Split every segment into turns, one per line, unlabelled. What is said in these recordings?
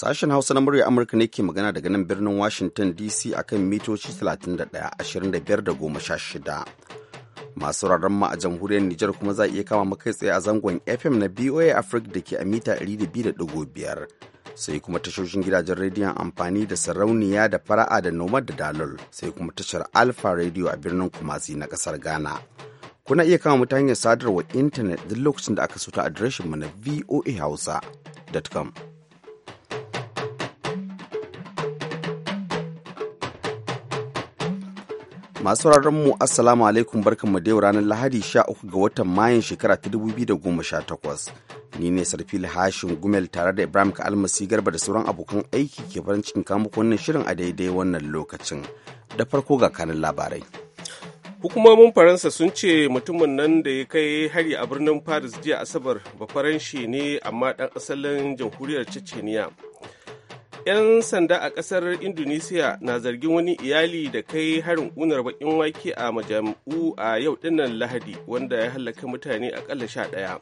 Sashen Hausa na murya Amurka ne ke magana daga nan birnin Washington DC akan mitoci 31-25-16. Masu rarren ma a jamhuriyar Nijar kuma za a iya kama makai tsaye a zangon FM na BOA Africa da ke a mita 200.5. Sai kuma tashoshin gidajen rediyon amfani da sarauniya da fara'a da nomad da dalol sai kuma tashar Alpha Radio a birnin Kumasi na kasar Ghana. Kuna iya kama mutane sadarwar intanet duk lokacin da aka suta adireshin mu na voahausa.com. Masu mu Assalamu alaikum barkanmu da yau ranar Lahadi 13 ga watan Mayun shekara ta 2018. Ni ne Sarfil Hashim Gumel tare da Ibrahim Kalmasi Garba da sauran abokan aiki ke farin cikin muku wannan shirin a daidai wannan lokacin. Da farko ga kanin labarai.
Hukumomin Faransa sun ce mutumin nan da ya kai hari a birnin Paris jiya Asabar ba faranshi ne amma dan asalin jamhuriyar Chechnya. 'Yan sanda a ƙasar Indonesia na zargin wani iyali da kai harin unar bakin wake a majam'u a yau dinnan Lahadi wanda ya hallaka mutane akalla sha ɗaya.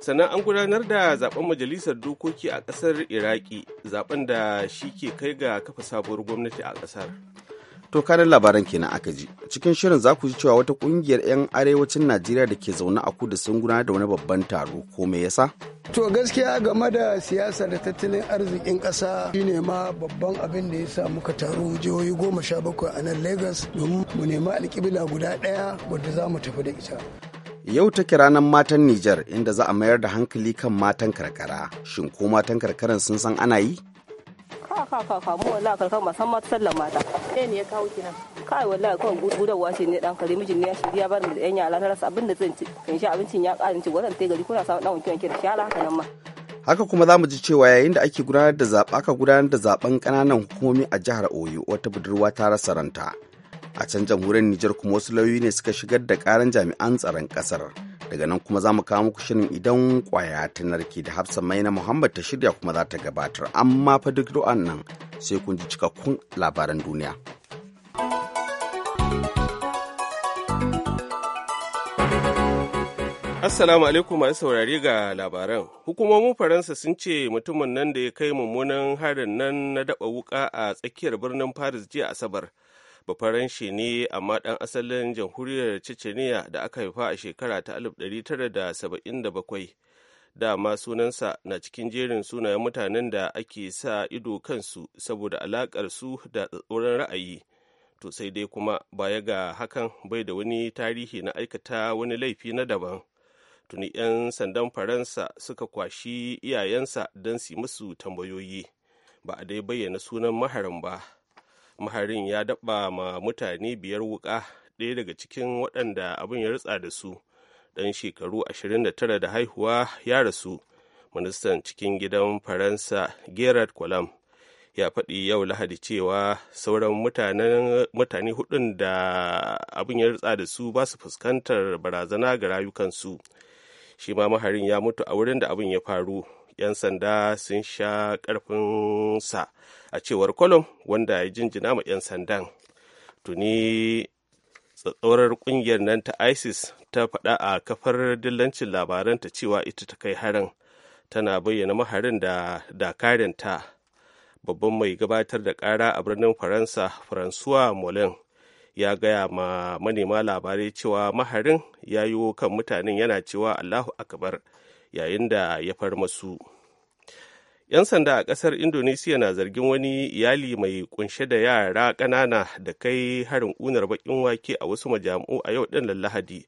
Sannan an gudanar da zaben majalisar dokoki a ƙasar Iraki, zaben da shi ke kai ga kafa sabuwar gwamnati a ƙasar.
To kanin labaran kenan aka ji. Cikin shirin za ku ji cewa wata kungiyar 'yan arewacin Najeriya da ke zaune a kudu sun gudanar da wani babban taro ko me yasa?
To gaskiya game da siyasa da tattalin arzikin ƙasa shine ma babban abin da ya sa muka taro jihohi goma sha bakwai a nan Lagos domin mu nema alkibila guda daya wadda za mu tafi da ita.
Yau take ranar matan Nijar inda za a mayar da hankali kan matan karkara. Shin ko matan karkaran sun san ana yi?
ka ka ka mu wallahi karkan ba ma sallan mata sai ne ya kawo ki nan kai wallahi kawai gudawa ce ne dan kare mijin ne ya shirya ya bar mu yan yara rasa abin da zan ci kan sha abincin ya ƙara ci gwaran te gari kuna sa dan wanke wanke da shala haka nan ma
haka kuma za mu ji cewa yayin da ake gudanar da zaɓa aka gudanar da zaɓen ƙananan hukumomi a jihar oyo wata budurwa ta rasa ranta a can jamhuriyar nijar kuma wasu lauyoyi ne suka shigar da ƙaran jami'an tsaron ƙasar daga nan kuma za mu kawo muku shirin idan kwaya ta narke da hafsa na muhammad ta shirya kuma za ta gabatar amma fa duk ro'an nan sai kun ji cikakkun labaran duniya
Assalamu alaikum masu saurari ga labaran. Hukumomin Faransa sun ce mutumin nan da ya kai mummunan harin nan na daɓa wuka a tsakiyar birnin Paris jiya Asabar bafaranshe ne amma ɗan asalin jamhuriyar Ceceniya da aka haifa a shekara ta 1977 dama sunansa na cikin jerin sunayen mutanen da ake sa ido kansu saboda alakar su da tsoron ra'ayi to sai dai kuma baya ga hakan bai da wani tarihi na aikata wani laifi na daban tuni 'yan sandan faransa suka kwashi iyayensa don su musu tambayoyi ba a dai bayyana sunan maharin ba maharin ya daba ma mutane biyar wuka ɗaya daga cikin waɗanda abin ya rutsa da su ɗan shekaru 29 da haihuwa ya rasu ministan cikin gidan faransa gerard colam ya faɗi yau lahadi cewa sauran mutane hudun da abin ya rutsa da su ba su fuskantar barazana ga rayukansu shi ma maharin ya mutu a wurin da abin ya faru 'yan sanda sun sha ƙarfinsa sa a cewar kolom wanda ya jinjina ma 'yan sandan tuni tsatsaurar kungiyar nan ta isis ta faɗa a kafar dillancin labaranta cewa ita ta kai harin tana bayyana maharin da dakarinta babban mai gabatar da ƙara a birnin faransa François molin ya gaya ma manema labarai cewa maharin ya yi kan mutanen yana cewa allahu akbar yayin da ya far masu. 'Yan sanda a kasar Indonesiya na zargin wani iyali mai kunshe da yara ƙanana da kai harin kunar bakin wake a wasu majamu a yau ɗin Lahadi,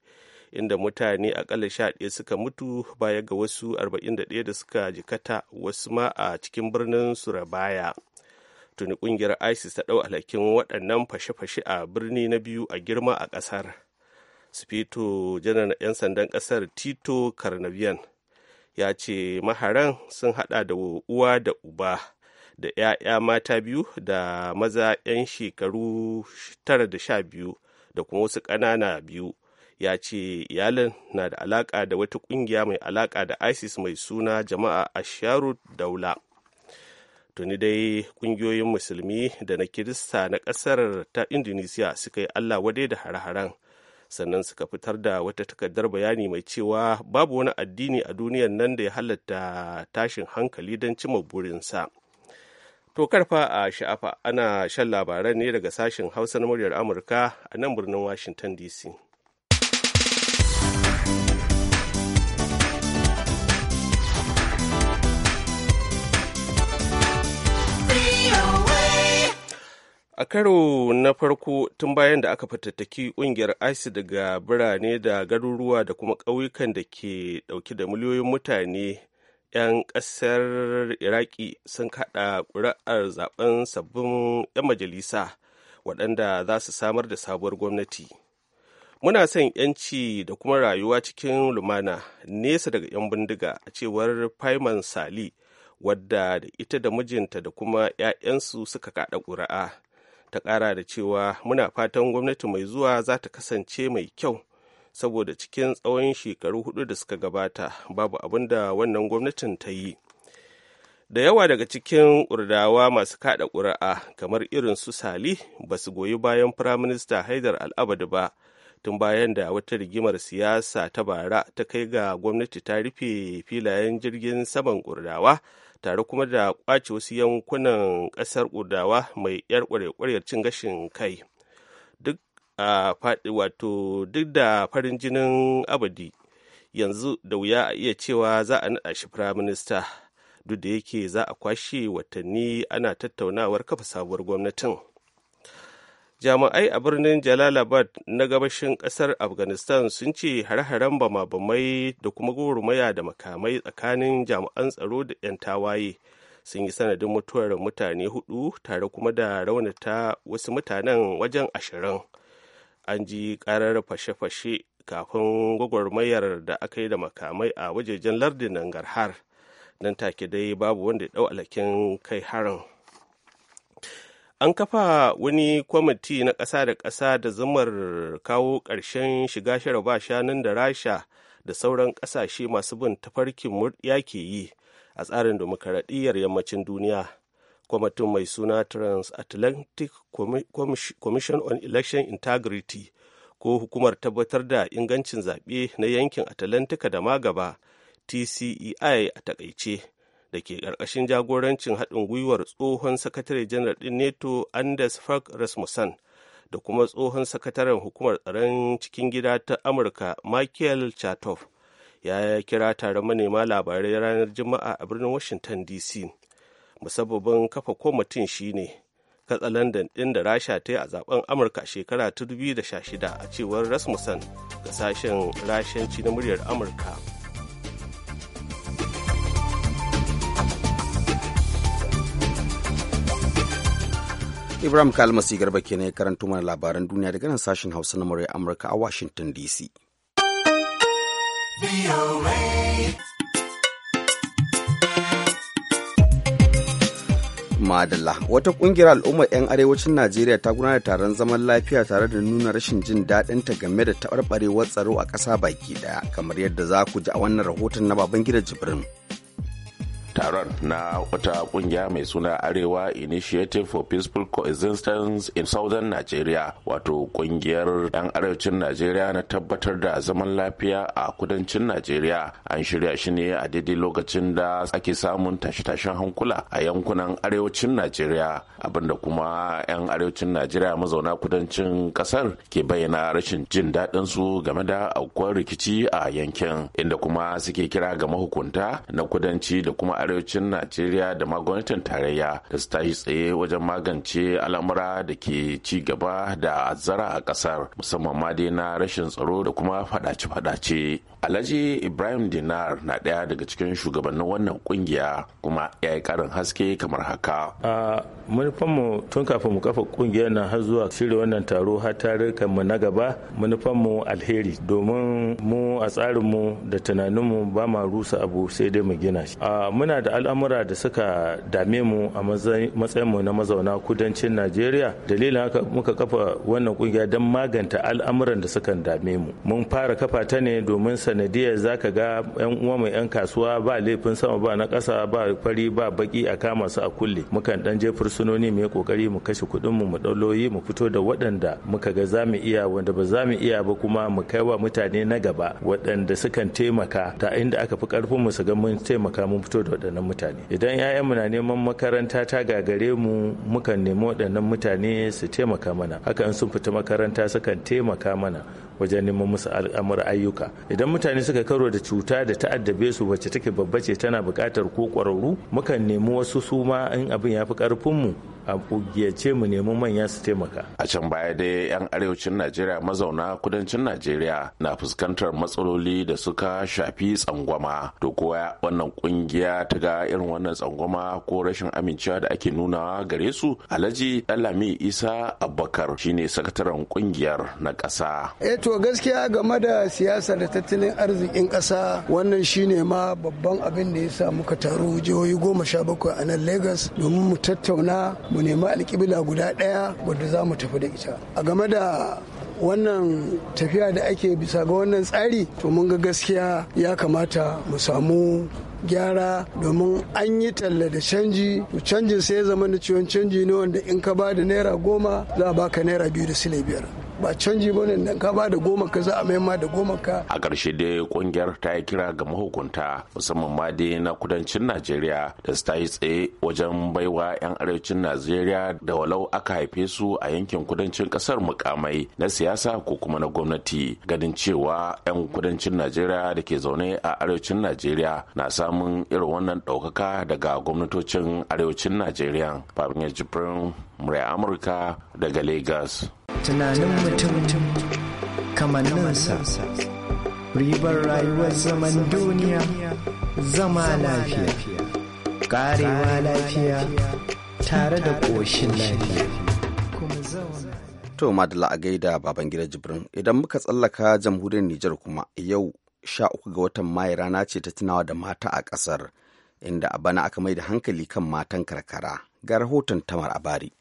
inda mutane aƙalla sha ɗaya suka mutu baya ga wasu 41 da suka jikata wasu ma a cikin birnin Surabaya. Tuni ƙungiyar ISIS ta ɗau alhakin waɗannan fashe-fashe a birni na biyu a girma a ƙasar. Sufeto janar 'yan sandan ƙasar Tito Karnavian ya ce maharan sun hada da uwa da uba da 'ya'ya mata biyu da maza 'yan shekaru tara da sha biyu da kuma wasu ƙanana biyu ya ce iyalin na da alaƙa da wata ƙungiya mai alaƙa da isis mai suna jama'a asharu daula tuni dai ƙungiyoyin musulmi da na kirista na ƙasar ta indonesia suka yi allah wadai da hare-haren sannan suka fitar da wata takardar bayani mai cewa babu wani addini a duniyar nan da ya halatta tashin hankali don cimma burinsa to karfa a sha'afa ana shan labaran ne daga sashen hausa na muryar amurka a nan birnin washington dc a karo na farko tun bayan da aka fatattaki kungiyar isis daga birane da garuruwa da kuma ƙauyukan da ke ɗauke da miliyoyin mutane 'yan ƙasar iraki sun kaɗa ƙuri'ar zaben sabbin 'yan majalisa waɗanda za su samar da sabuwar gwamnati muna son 'yanci da kuma rayuwa cikin lumana nesa daga 'yan bindiga a cewar Faiman sali wadda da ita da mijinta da kuma 'ya'yansu suka kaɗa ƙuri'a ta ƙara da cewa muna fatan gwamnati mai zuwa za ta kasance mai kyau saboda cikin tsawon shekaru hudu da suka gabata babu abin da wannan gwamnatin ta yi da yawa daga cikin ƙurdawa masu kada ƙuri'a kamar irin su sali ba su goyi bayan firaminista haidar al'abadu ba tun bayan da wata rigimar siyasa ta bara ta kai ga gwamnati ta rufe filayen jirgin saman ƙurdawa tare kuma da kwace wasu yankunan ƙasar kudawa mai yar kwarewar cin gashin kai duk a faɗi wato duk da farin jinin abadi yanzu da wuya a iya cewa za a naɗa shi firaminista duk da yake za a kwashe watanni ana tattaunawar kafa sabuwar gwamnatin. jami'ai a birnin jalalabad na gabashin kasar afghanistan sun ce hare-haren bama-bamai da kuma gurumaya da makamai tsakanin jami'an tsaro da 'yan tawaye sun yi sanadin mutuwar mutane hudu tare kuma da raunata wasu mutanen wajen ashirin an ji karar fashe-fashe kafin gwagwarmayar da aka yi da makamai a wajejen lardinan garhar nan take dai babu wanda ya dau alhakin kai harin an kafa wani kwamiti na ƙasa da ƙasa da zamar kawo ƙarshen shiga sharaba shanun da rasha da sauran ƙasashe masu bin tafarkin murya ke yi a tsarin demokaradiyyar yammacin duniya kwamitin mai suna transatlantic commission on election integrity ko hukumar tabbatar da ingancin zaɓe na yankin atlantika da magaba tcei a takaice da ke ƙarƙashin jagorancin haɗin gwiwar tsohon sakatare janar ɗin neto anders fark rasmussen da kuma tsohon sakataren hukumar tsaron cikin gida ta amurka michael chatoff ya kira taron manema labarai ranar juma'a a birnin washington dc musabbabin kafa mutum shine katsa katsalandan ɗin da rasha ta yi a zaben amurka shekara ta 2016 a cewar rasmussen ga sashen rashanci na muryar amurka
Ibrahim Kalmasi Garba kenan ya karanto mana labaran duniya daga nan sashen Hausa na murya Amurka a Washington DC. Madalla wata kungiyar al'ummar 'yan arewacin Najeriya ta gudanar taron zaman lafiya tare da nuna rashin jin daɗin ta game da taɓarɓarewar tsaro a ƙasa baki ɗaya kamar yadda za ku ji a wannan rahoton
na baban Babangida Jibrin. taron na wata kungiya mai suna arewa initiative for peaceful coexistence in southern nigeria wato kungiyar 'yan arewacin nigeria na tabbatar da zaman lafiya a kudancin nigeria an shirya shi ne a daidai lokacin da ake samun tashe-tashen hankula a yankunan arewacin nigeria abinda kuma 'yan arewacin nigeria mazauna kudancin kasar ke bayyana rashin jin daɗin su game da aukuwar rikici a yankin inda kuma suke kira ga mahukunta na kudanci da kuma arewacin najeriya da ma tarayya da su tashi tsaye wajen magance al'amura da ke ci gaba da azzara a kasar musamman ma dai na rashin tsaro da kuma fadace-fadace alhaji ibrahim dinar na daya daga cikin shugabannin wannan kungiya kuma ya yi karin haske kamar haka
a manufanmu tun kafin mu kafa kungiyar na har zuwa shirya wannan taro har tarurrukan mu na gaba manufanmu alheri domin mu a tsarinmu da tunaninmu ba ma rusa abu sai dai mu gina shi muna da al'amura da suka dame mu a matsayin mu na mazauna kudancin najeriya dalilin haka muka kafa wannan kungiya don maganta al'amuran da suka dame mu mun fara kafa ta ne domin sanadiyar zaka ga yan uwa mai yan kasuwa ba laifin sama ba na kasa ba fari ba baki a kama su a kulle mukan dan je fursunoni mai yi kokari mu kashe kuɗin mu mu ɗauloyi mu fito da waɗanda muka ga za mu iya wanda ba za mu iya ba kuma mu kai wa mutane na gaba waɗanda sukan taimaka ta inda aka fi ƙarfin mu su ga mun taimaka mun fito da waɗanda waɗannan mutane idan 'ya'yanmu na neman makaranta ta gagare mu mukan nemi waɗannan mutane su taimaka mana hakan sun fita makaranta sukan taimaka mana wajen neman musu al'amur ayyuka idan mutane suka karo da cuta da ta'addabe su wacce take babbace ce tana buƙatar ko ƙwararru mukan nemi wasu suma in abin ya fi ƙarfinmu a ƙugiyace mu nemi manya su taimaka.
A can baya dai 'yan arewacin Najeriya mazauna kudancin Najeriya na fuskantar matsaloli da suka shafi tsangwama. To kowa wannan kungiya ta ga irin wannan tsangwama ko rashin amincewa da ake nunawa gare su Alhaji Dalami Isa Abubakar shine sakataren kungiyar na ƙasa.
Eh to gaskiya game da siyasa da tattalin arzikin ƙasa wannan shine ma babban abin da ya sa muka taru jihohi goma sha bakwai a nan Lagos domin mu tattauna mu nemi alƙibla guda ɗaya wadda za mu tafi da ita a game da wannan tafiya da ake bisa ga wannan tsari to mun ga gaskiya ya kamata mu samu gyara domin an yi talla da canji to canjin sai ya zama da ciwon canji ne wanda in ka ba da naira goma za a baka naira biyu da sile biyar ba canji ba ne ka ba da goma ka za a ma da goma ka
a ƙarshe dai ƙungiyar ta yi kira ga mahukunta musamman ma dai na kudancin najeriya da su ta yi tsaye wajen baiwa 'yan arewacin najeriya da walau aka haife su a yankin kudancin ƙasar mukamai na siyasa ko kuma na gwamnati ganin cewa 'yan kudancin najeriya da ke zaune a arewacin najeriya na samun irin wannan ɗaukaka daga gwamnatocin arewacin najeriya babin jibrin murya amurka daga lagos
tunanin mutum kamanninsa ribar rayuwar zaman duniya zama lafiya
karewa lafiya
tare da
ƙoshin lafiya to madala a gaida baban gida jibrin idan muka tsallaka jamhuriyar nijar kuma yau sha uku ga watan mai rana ce ta tunawa da mata a ƙasar inda a bana aka mai da hankali kan matan karkara ga rahoton tamar abari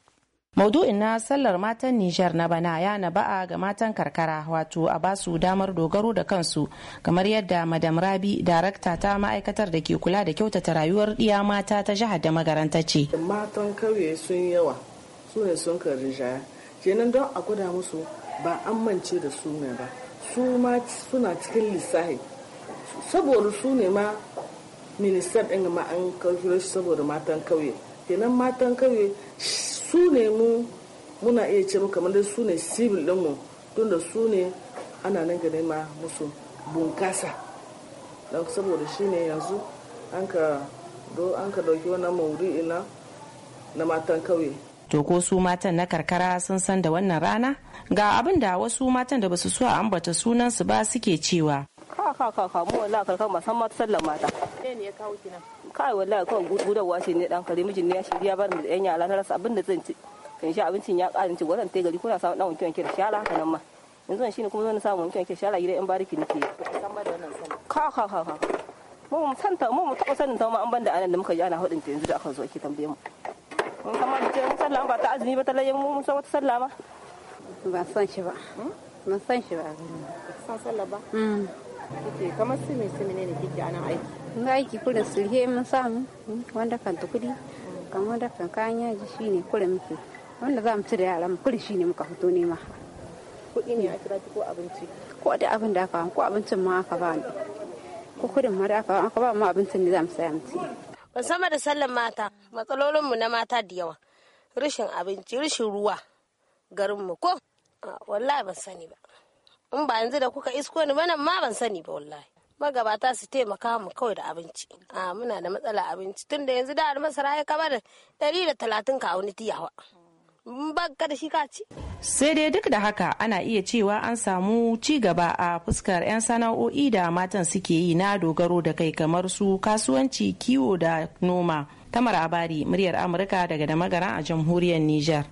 Maudu'in na sallar matan Nijar na bana ya na ba'a ga matan karkara wato a basu damar dogaro da kansu kamar yadda Madam Rabi darakta ta ma'aikatar da ke kula da kyautata rayuwar ɗiya mata ta jihar da magaranta ce.
Matan kauye sun yawa su ne sun shaya kenan don a gwada musu ba an mance da su ne ba su ma suna cikin lissahi saboda su ne ma ministar ɗin ma an kawo saboda matan kauye kenan matan kauye su ne mu muna iya ce kamar dai su ne civil ɗinmu tun da su ne ana nan gane ma musu bunkasa saboda shi ne yanzu an ka dauki wannan mawuri na na matan kauye
to ko su matan na karkara sun san da wannan rana ga abin da wasu matan da basu so a ambata sunan su ba suke cewa ka ka ka mu wallahi karkar musamman mata ne ya kawo kinan kai wallahi kawai gudawa shi ne dan kare mijin ne ya shirya bar mu da yan yara na rasa abin da zan ci kan sha abincin ya karin ci gwaran gari kuna samu dan wanke wanke da shala haka nan ma yanzu shi ne kuma zan samu wanke wanke shala gidan yan bariki nake ka ka ka ka mu mu santa mu mu taɓa sanin ta ma an banda anan da muka ji ana hudin ta yanzu da aka zo ake tambaye mu mun kama da cewa sallah ba ta azumi ba ta layin mu mun san wata sallah ma ba san shi ba mun hmm? san shi ba san sallah ba hmm. kike kamar simi simi ne kike a nan aiki mun aiki kurin sulhe mun samu wanda kan tukudi kan wanda kan kayan yaji shine kurin muke wanda za mu ci da yaran kurin shine muka fito nema kuɗi ne a kira ko abinci ko da abin da aka ko abincin ma aka ba ni ko kudin ma da aka aka ba mu abincin ne za mu saya mu ci ban sama da sallan mata matsalolinmu na mata da yawa rashin abinci rashin ruwa garinmu mu ko ah, wallahi ban sani ba in ba yanzu da kuka isko ni ba nan ma ban sani ba wallahi magabata su taimaka mu kawai da abinci a muna da matsala abinci tun da yanzu da masara ya kaba da ɗari da talatin ka wani tiyawa ka da shi ka ci sai dai duk da haka ana iya cewa an samu ci gaba a fuskar 'yan sana'o'i da matan suke yi na dogaro da kai kamar su kasuwanci kiwo da noma tamar abari muryar amurka daga da magara a jamhuriyar niger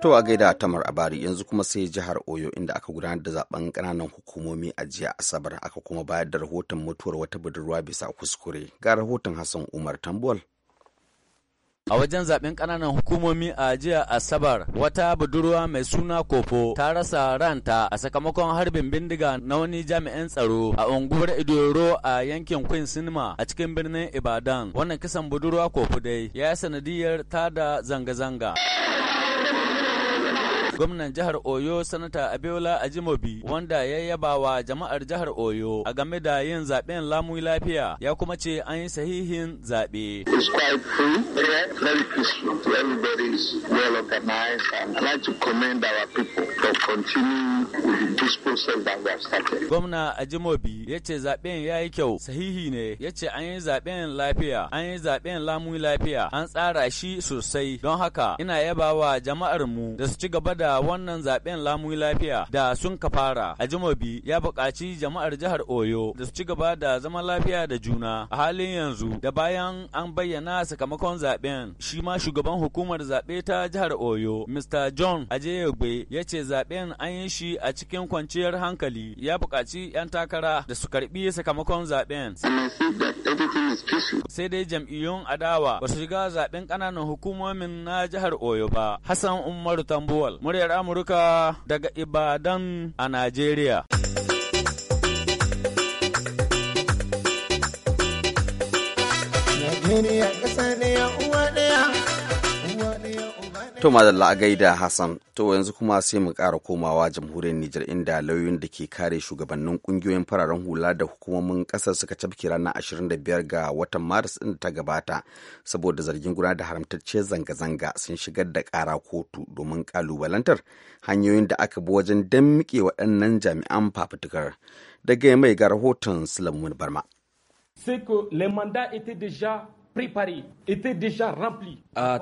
To a gaida Tamar Abari yanzu kuma sai jihar Oyo inda aka gudanar da zaben kananan hukumomi a jiya Asabar aka kuma bayar da rahoton mutuwar wata budurwa bisa kuskure. Ga rahoton Hassan Umar Tambol.
a wajen zaben kananan hukumomi a jiya asabar wata budurwa mai suna kofo ta rasa ranta a sakamakon harbin bindiga na wani jami'in tsaro a unguwar idoro a yankin queen sinima a cikin birnin ibadan wannan kisan budurwa kofo dai ya yi sanadiyar ta-da zanga-zanga gwamnan jihar Oyo Sanata Abiola Ajimobi wanda ya yaba wa jama'ar jihar Oyo a game da yin zaben lamu lafiya ya kuma ce an yi sahihin zaɓe. Gwamna Ajimobi ya ce zaben ya yi kyau sahihi ne ya ce an yi zaben lafiya an yi zaben lamu lafiya an tsara shi sosai don haka ina yaba wa jama'ar mu da su ci gaba da da wannan zaben lamu lafiya da sun ka fara a Jimobi ya buƙaci jama'ar jihar Oyo da su ci gaba da zama lafiya da juna a halin yanzu da bayan an bayyana sakamakon zaben shi ma shugaban hukumar zaɓe ta jihar Oyo Mr. John Ajayegbe ya ce zaben an yi shi a cikin kwanciyar hankali ya buƙaci 'yan takara da su karɓi sakamakon zaben. Sai dai jam'iyyun adawa ba su shiga zaben ƙananan hukumomin na jihar Oyo ba. Hassan Umaru Tambuwal, murya muryar Amurka daga Ibadan a Najeriya. Najeriya ƙasa ne ya
To madalla a gaida Hassan, to yanzu kuma sai mu kara komawa jamhuriyar Nijar inda lauyoyin da ke kare shugabannin kungiyoyin fararen hula da hukumomin ƙasar suka cafke ranar biyar ga watan Maris ɗin ta gabata saboda zargin guna da haramtacce zanga-zanga sun shigar da kara kotu domin kalubalantar hanyoyin da aka bi wajen damƙe waɗannan jami'an fafutukar. Daga mai ga rahoton Sulaiman Barma.
C'est que A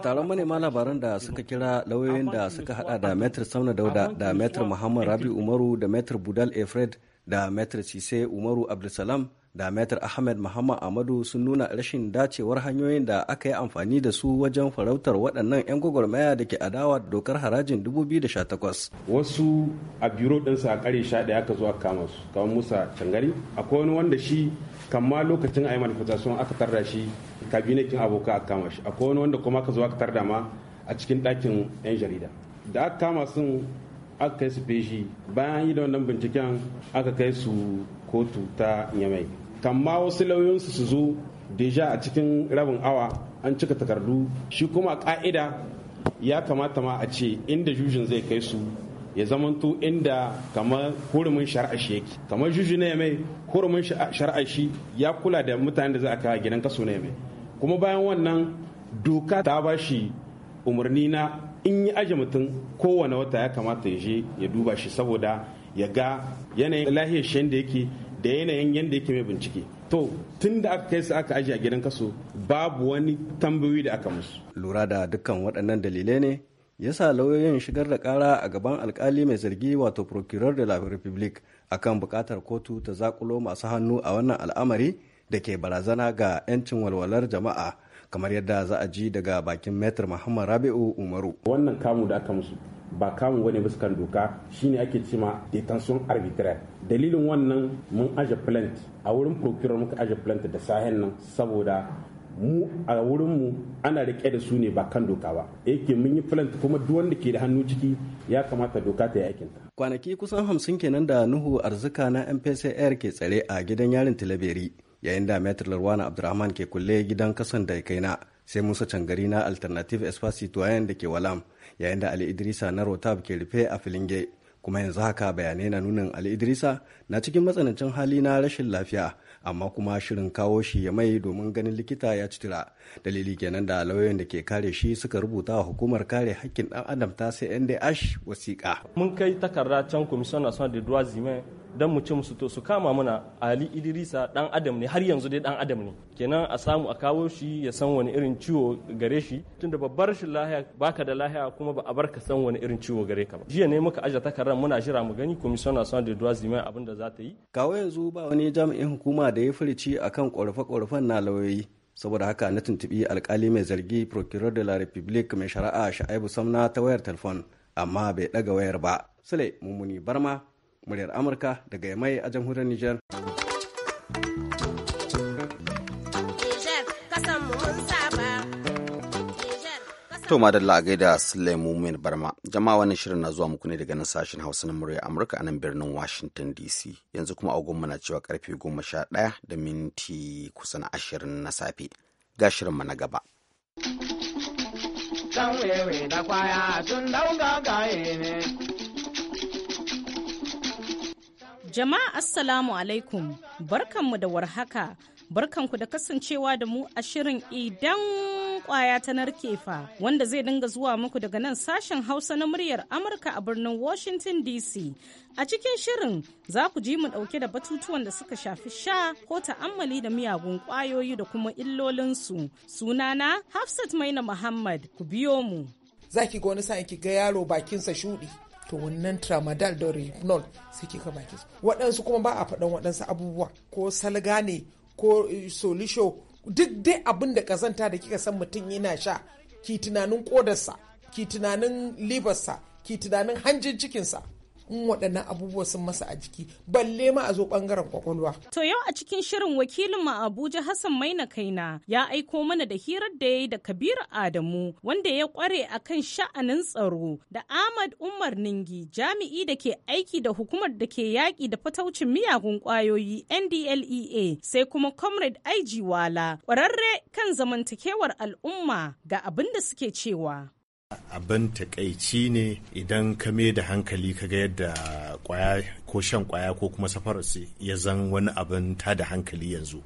taron manema labaran da suka kira lauyoyin da suka hada da Metr sauna Dauda da Metr Muhammad Rabi Umaru da Metr Budal Efred da Metr Cise Umaru Abdulsalam da Metar Ahmed Muhammad Amadu sun nuna rashin dacewar hanyoyin da aka yi amfani da su wajen farautar waɗannan 'yan gwagwarmaya da ke adawa da dokar harajin 2018. Wasu a biro
ɗinsa a ƙare sha ɗaya aka zo a kama su, kamar Musa Cangari. Akwai wani wanda shi kama lokacin a yi manifestation aka tarda shi kabinekin aboka a kama shi. Akwai wani wanda kuma aka zo aka tarda ma a cikin ɗakin 'yan jarida. Da aka kama sun aka kai su feshi bayan yi da wannan binciken aka kai su kotu ta yamai kamma wasu lauyoyinsu su zo deja a cikin rabin awa an cika takardu shi kuma ka'ida ya kamata ma a ce inda jujin zai kai su ya zamanto inda kamar hurumin shari'a shi yake kamar juji na mai hurumin shari'a shi ya kula da mutanen da za a kawo gidan kaso na mai kuma bayan wannan doka ta ba shi umarni na in yi aje mutum kowane wata ya kamata ya je ya duba shi saboda ya ga yanayin lahiyar shi da yake da yanayin yadda yake mai bincike to tun da aka kai su aka ajiye a gidan kaso babu wani tambayoyi da aka musu
lura da dukkan waɗannan dalilai ne ya sa lauyoyin shigar da kara a gaban alkali mai zargi wato procureur de la republique akan buƙatar kotu ta zakulo masu hannu a wannan al'amari da ke barazana ga 'yancin walwalar jama'a kamar yadda za a ji daga bakin metr muhammad rabi'u umaru wannan kamu da aka musu ba kamun wani biskan doka shine ake cima
detention arbitraire dalilin wannan mun aje plant a wurin procurer muka aje plant da sahen nan saboda mu a mu ana rike da su ne ba kan doka
ba yake mun yi plant kuma duk wanda ke da hannu ciki ya kamata doka ta yi ta kwanaki kusan hamsin kenan da nuhu arzuka na air ke tsare a gidan yarin tilaberi yayin da metr larwana abdurrahman ke kulle gidan kasan da kai na sai musa cangari na alternative espace citoyen da ke walam yayin da ali idrisa na rotab ke rufe a filinge kuma yanzu haka bayanai na nunin ali idrisa na cikin matsanancin hali na rashin lafiya amma kuma shirin kawo shi ya mai domin ganin likita ya citira dalili kenan da lauyoyin da ke kare shi suka rubuta wa hukumar kare hakkin ɗan adam ta sai ndh wasiƙa
mun kai takarda can commission national de droits humains don mu ci musu to su kama mana ali idrisa dan adam ne har yanzu dai dan adam ne kenan a samu a kawo shi ya san wani irin ciwo gare shi tunda babbar rashin lahiya baka da lahiya kuma ba a bar ka san wani irin ciwo gare ka ba jiya ne muka aje takarar muna jira mu gani commission son de droits humains abin da za ta yi
kawo yanzu ba wani jami'in hukuma da ya furici akan korafe-korafen na lauyoyi saboda haka na tuntubi alkali mai zargi procureur de la republique mai shari'a sha'ibu samna ta wayar telefon amma bai daga wayar ba sule mummuni barma muryar amurka daga yamai a jamhuriyar niger
To madalla a gaida Sulaimu Mumin Barma. Jama'a wannan shirin na zuwa muku ne daga nan sashen Hausa na murya Amurka a nan birnin Washington DC. Yanzu kuma a na cewa karfe goma sha ɗaya da minti kusan ashirin na safe. Ga shirinmu na gaba.
Dan wewe da kwaya sun dauga gaye ne.
Jama'a Assalamu alaikum, barkanmu da warhaka, barkanku da kasancewa da mu a shirin idan kwaya ta narkefa wanda zai dinga zuwa muku daga nan sashen Hausa na muryar Amurka a birnin Washington DC. A cikin shirin za ku ji mu ɗauke da batutuwan da suka shafi sha ko ta'ammali da miyagun ƙwayoyi da kuma illolinsu. Sunana Hafsat Maina Muhammad, ku biyo
mu. zaki ki ga wani sa'in ki ga yaro bakinsa shuɗi. to wannan tramadol da sai suke ka baki waɗansu kuma ba a faɗan waɗansu abubuwa ko salga ne ko eh, solisho duk dai abin da kazanta da kika san mutum yana sha ki tunanin ƙodarsa ki tunanin libarsa ki tunanin hanjin cikinsa in waɗannan abubuwa sun masa a jiki balle ma a zo ɓangaren kwakwalwa.
To yau a cikin shirin wakilin mu Abuja Hassan Maina Kaina ya aiko mana da hirar da ya yi da Kabiru Adamu wanda ya kware kan sha'anin tsaro da Ahmad Umar Ningi jami'i da ke aiki da hukumar da ke yaƙi da fataucin miyagun ƙwayoyi NDLEA sai kuma Comrade Aiji Wala ƙwararre kan zamantakewar al'umma ga abin da suke cewa.
abin takaici ne idan ka mai da hankali ka ga yadda kwaya ko shan kwaya ko kuma safarar ya zan wani abin ta da hankali yanzu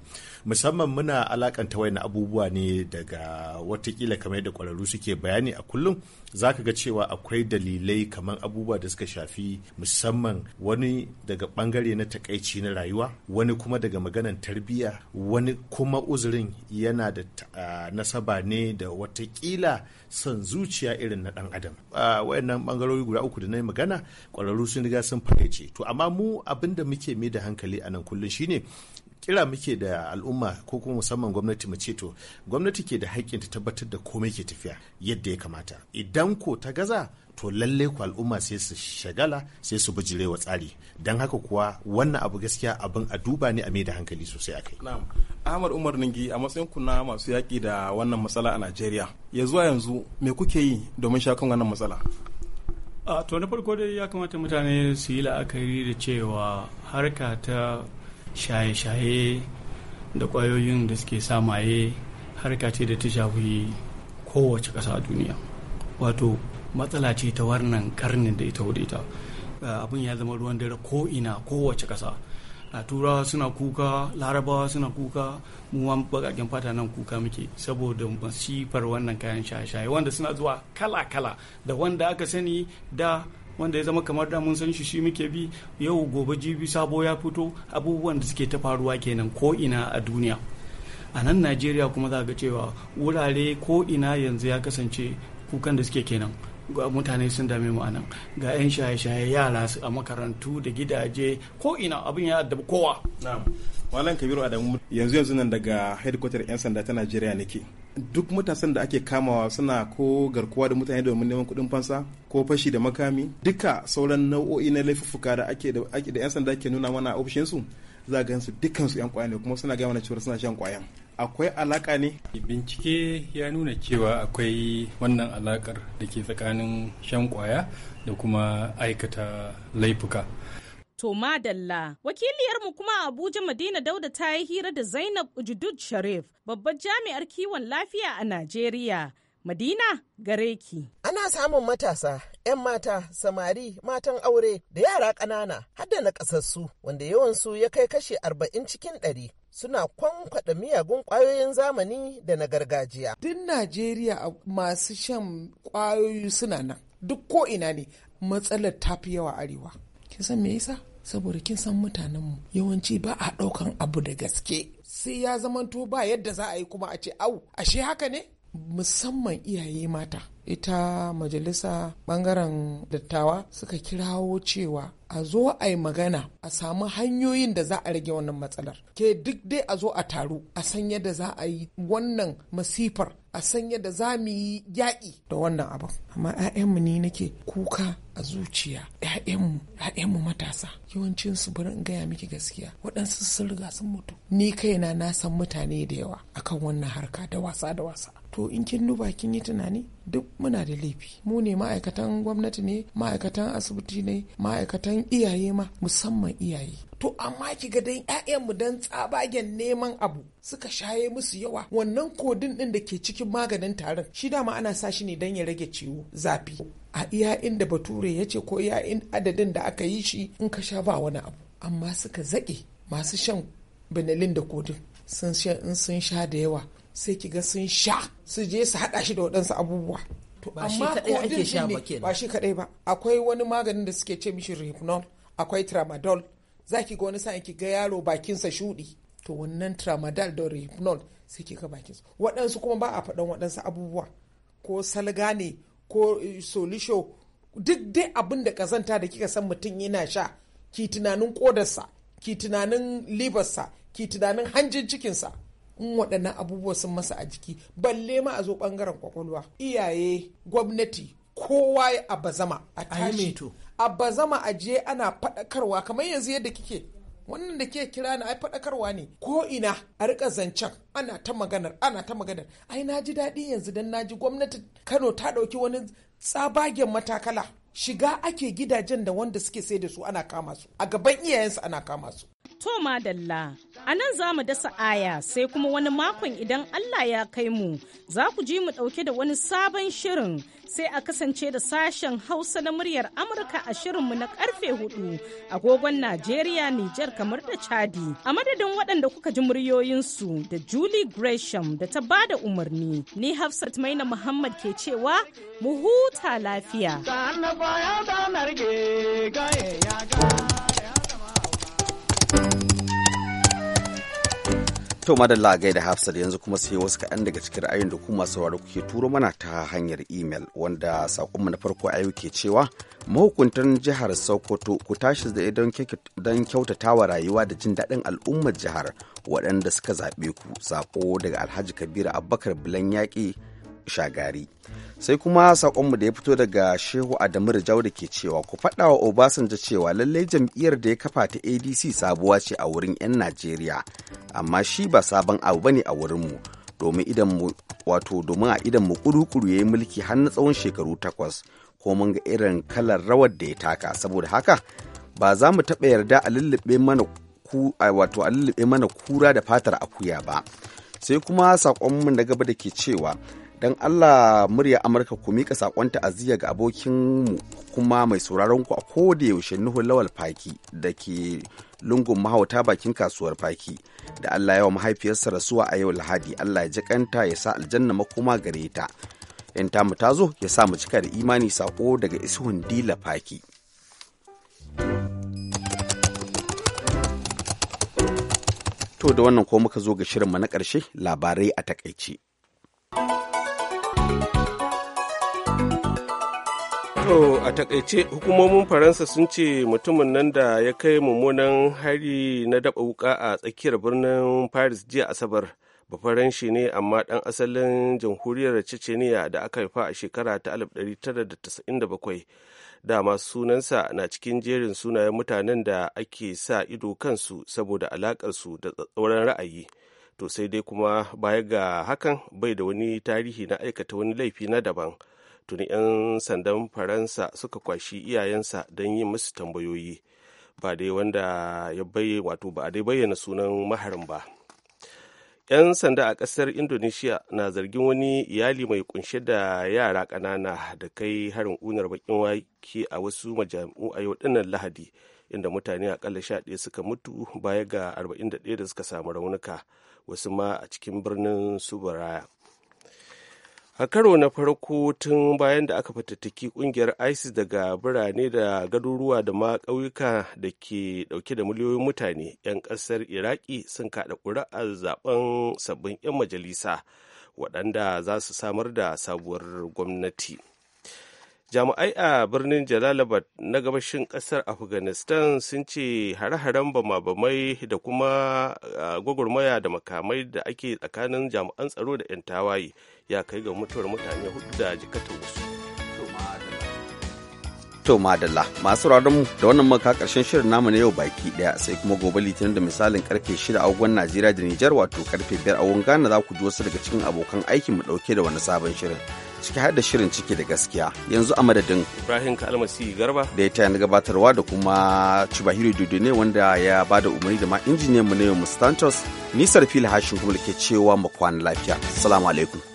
musamman muna alakanta wayan abubuwa ne daga watakila kamar da kwararru suke bayani a kullum za ka ga cewa akwai dalilai kamar abubuwa da suka shafi musamman wani daga bangare na takaici na rayuwa wani kuma daga maganan tarbiyya wani kuma uzurin yana da nasaba ne da watakila son zuciya irin na dan adam wayannan bangarori guda uku da na magana kwararru sun riga sun fahimci to amma mu abin da muke mai da hankali a nan kullum shine kira muke da al'umma ko kuma musamman gwamnati mu ce to gwamnati ke da haƙƙin ta tabbatar da komai ke tafiya yadda ya kamata idan ko ta gaza to lalle ku al'umma sai su shagala sai su bijirewa wa tsari don haka kuwa wannan abu gaskiya abin a duba ne a mai da hankali sosai akai na'am
Ahmad Umar Ningi a matsayin ku na masu yaƙi da wannan matsala a Najeriya ya zuwa yanzu me kuke yi domin shakan wannan matsala
a to na farko dai ya kamata mutane su yi
la'akari da cewa harka ta shaye-shaye da kwayoyin da suke sa maye harka ce da ta shafi kowace ƙasa a duniya wato matsala ce ta wannan karnin da ita wadata abin ya zama ruwan dare ko ina kowace ƙasa a turawa suna kuka larabawa suna kuka mu bakaken fata nan kuka muke saboda masifar wannan kayan shaye-shaye wanda suna zuwa kala-kala da wanda aka sani da wanda ya zama kamar da mun san shi shi muke bi yau gobe jibi sabo ya fito abubuwan da suke ta faruwa kenan ko ina a duniya a nan najeriya kuma za ga cewa wurare ko ina yanzu ya kasance kukan da suke kenan mutane sun dame mu anan ga 'yan shaye-shaye yara su a makarantu da gidaje ko ina abin ya addabi kowa
malam kabiru adamu yanzu yanzu nan daga headquarter 'yan sanda ta najeriya nake duk matasan da ake kamawa suna ko garkuwa da mutane domin neman kuɗin fansa ko fashi da makami duka sauran nau'o'i na laifuffuka da ake da 'yan sanda ke nuna mana a su za ga su dukkansu 'yan kwaya ne kuma suna gaya mana cewa suna shan kwayan akwai alaka ne bincike ya nuna cewa akwai wannan
alakar da ke tsakanin shan kwaya da kuma aikata laifuka
To madalla wakiliyarmu kuma a Abuja Madina Dauda ta yi hira da Zainab Ujudud Sharif babbar jami'ar kiwon lafiya a Najeriya. Madina gare
ki. Ana samun matasa, 'yan mata, samari, matan aure da yara ƙanana har da nakasassu wanda yawansu ya kai kashi arba'in cikin ɗari suna kwankwaɗa miyagun ƙwayoyin zamani da na gargajiya. Duk Najeriya masu shan ƙwayoyi suna nan, duk ko ina ne matsalar tafi yawa arewa. Kin san me yasa? saboda kin san mutanen mu yawanci ba a ɗaukan abu da gaske sai ya zamanto ba yadda za a yi kuma a ce au ashe haka ne musamman iyaye mata ita majalisa bangaren dattawa suka kirawo cewa a zo a yi magana a samu hanyoyin da za a rage wannan matsalar ke duk dai a zo a taru a san yadda za a yi wannan masifar a san yadda za mu yi yaƙi da wannan abin amma 'ya'yanmu ne nake kuka a zuciya 'ya'yanmu mu matasa yawancin su bari in gaya miki gaskiya waɗansu sun riga sun mutu ni kaina na san mutane da yawa akan wannan harka da wasa da wasa to in kin duba kin yi tunani duk muna da laifi mu ne ma'aikatan gwamnati ne ma'aikatan asibiti ne ma'aikatan iyaye ma musamman iyaye to amma ki ga dan mu dan tsabagen neman abu suka shaye musu yawa wannan kodin din da ke cikin maganin tarin shi dama ana sa shi ne dan ya rage ciwo zafi a iya inda bature ya ce ko iya adadin da aka yi shi in ka sha ba wani abu amma suka zaƙe masu shan benelin da kodin sun in sun sha da yawa sai ki ga sun sha su je su haɗa shi da waɗansu abubuwa ba shi kaɗai ake sha ba ba shi kadai ba akwai wani maganin da suke ce mishi rifnol akwai tramadol zaki ga wani sa'in ki ga yaro bakinsa shudi to wannan tramadol da rehypnol sai ki ga bakinsa waɗansu kuma ba a faɗan waɗansu abubuwa ko salga ne ko eh, solisho duk dai abin da kazanta da kika san mutum yana sha ki tunanin kodarsa ki tunanin libarsa ki tunanin hanjin cikinsa in waɗannan abubuwa sun masa a jiki balle ma a zo ɓangaren kwakwalwa iyaye gwamnati kowa a bazama a tashi a bazama a je ana faɗakarwa kamar yanzu yadda kike wannan da ke kira na ai faɗakarwa ne ko ina a rika zancen ana ta maganar ana ta maganar ai na ji daɗi yanzu dan na ji gwamnati kano ta ɗauki wani tsabagen matakala shiga ake gidajen da wanda suke sai da su ana kama su a gaban iyayensu ana kama su
to madalla a nan za mu dasa aya sai kuma wani makon idan allah ya kai mu za ku ji mu ɗauke da wani sabon shirin sai a kasance da sashen Hausa na muryar Amurka a shirinmu na karfe hudu agogon Najeriya, Nijar kamar da Chadi. A madadin waɗanda kuka ji muryoyinsu da Julie Gresham da ta ba da umarni, ni Hafsat Maina Muhammad ke cewa mu huta lafiya.
To madalla a gaida Hafsat yanzu kuma sai wasu kaɗan daga cikin ra'ayin da kuma sauraro kuke turo mana ta hanyar imel wanda saƙonmu na farko a yau ke cewa mahukuntan jihar Sokoto ku tashi da don kyautata wa rayuwa da jin daɗin al'ummar jihar waɗanda suka zaɓe ku saƙo daga Alhaji Kabiru Abubakar Bulan Yaƙi shagari sai kuma saƙonmu da ya fito daga shehu adamu rijau da ke cewa ku faɗa wa obasanjo cewa lallai jam'iyyar da ya kafa ta adc sabuwa ce a wurin 'yan najeriya amma shi ba sabon abu ba ne a wurinmu domin idan mu wato domin a idan mu kurukuru ya yi mulki har na tsawon shekaru takwas ko mun ga irin kalar rawar da ya taka saboda haka ba za mu taɓa yarda a lullube mana ku wato a lullube mana kura da fatar akuya ba sai kuma saƙonmu na gaba da ke cewa Don Allah murya Amurka ku mika sakon ta'aziyya ga abokinmu kuma mai sauraron ku a koda yaushe Nuhu Lawal Faki da ke lungun mahauta bakin kasuwar Faki da Allah yawa mahaifiyarsa rasuwa a yau Lahadi Allah ya ji kanta ya sa aljanna makoma gare ta in ta ta zo ya sa mu cika da imani sako daga ishun Dila Faki To da wannan ko muka zo ga shirin mu na ƙarshe labarai a takaice.
To a takaice hukumomin Faransa sun ce mutumin nan da ya kai mummunan hari na daba wuka a tsakiyar birnin Paris jiya Asabar bafaranshi ne amma ɗan asalin jamhuriyar Ceceniya da aka haifa a shekara ta 1997 da masu sunansa na cikin jerin sunayen mutanen da ake sa ido kansu saboda alaƙarsu da tsatsauran ra'ayi. To sai dai kuma baya ga hakan bai da wani tarihi na aikata wani laifi na daban. tuni 'yan sandan faransa suka kwashi iyayensa don yin musu tambayoyi ba dai wanda ya bai wato ba dai bayyana sunan maharin ba 'yan sanda a ƙasar indonesia na zargin wani iyali mai kunshe da yara ƙanana da kai harin unar bakin waki a wasu majami'u a yau dinnan lahadi inda mutane akalla sha ɗaya suka mutu baya ga 41 da suka samu raunuka wasu ma a cikin birnin subaraya a karo na farko tun bayan da aka fatattaki kungiyar isis daga birane da garuruwa da ma ƙauyuka da ke dauke da miliyoyin mutane 'yan ƙasar iraki sun kaɗa ƙuri'ar zaben sabbin 'yan majalisa waɗanda za su samar da sabuwar gwamnati jami'ai a birnin jalalabad na gabashin kasar afghanistan sun ce hare-haren bama-bamai da kuma gwagwarmaya da makamai da ake tsakanin jami'an tsaro da 'yan tawaye ya kai ga mutuwar mutane hudu da jikata wasu
To madalla masu mu da wannan maka karshen shirin namu na yau baki daya sai kuma gobe litinin da misalin karfe 6 agogon Najeriya da Nijar wato karfe 5 agogon Ghana za ku ji wasu daga cikin abokan aikin mu dauke da wani sabon shirin. Ciki har da shirin ciki da gaskiya yanzu a madadin
Ibrahim Kalmasi Garba
da ya taya na gabatarwa da kuma Cibahiru dudune wanda ya ba da umarni da ma injiniyan mu na yau Mustantos Nisar Fil Hashin kuma ke cewa mu kwana lafiya. Assalamu alaikum.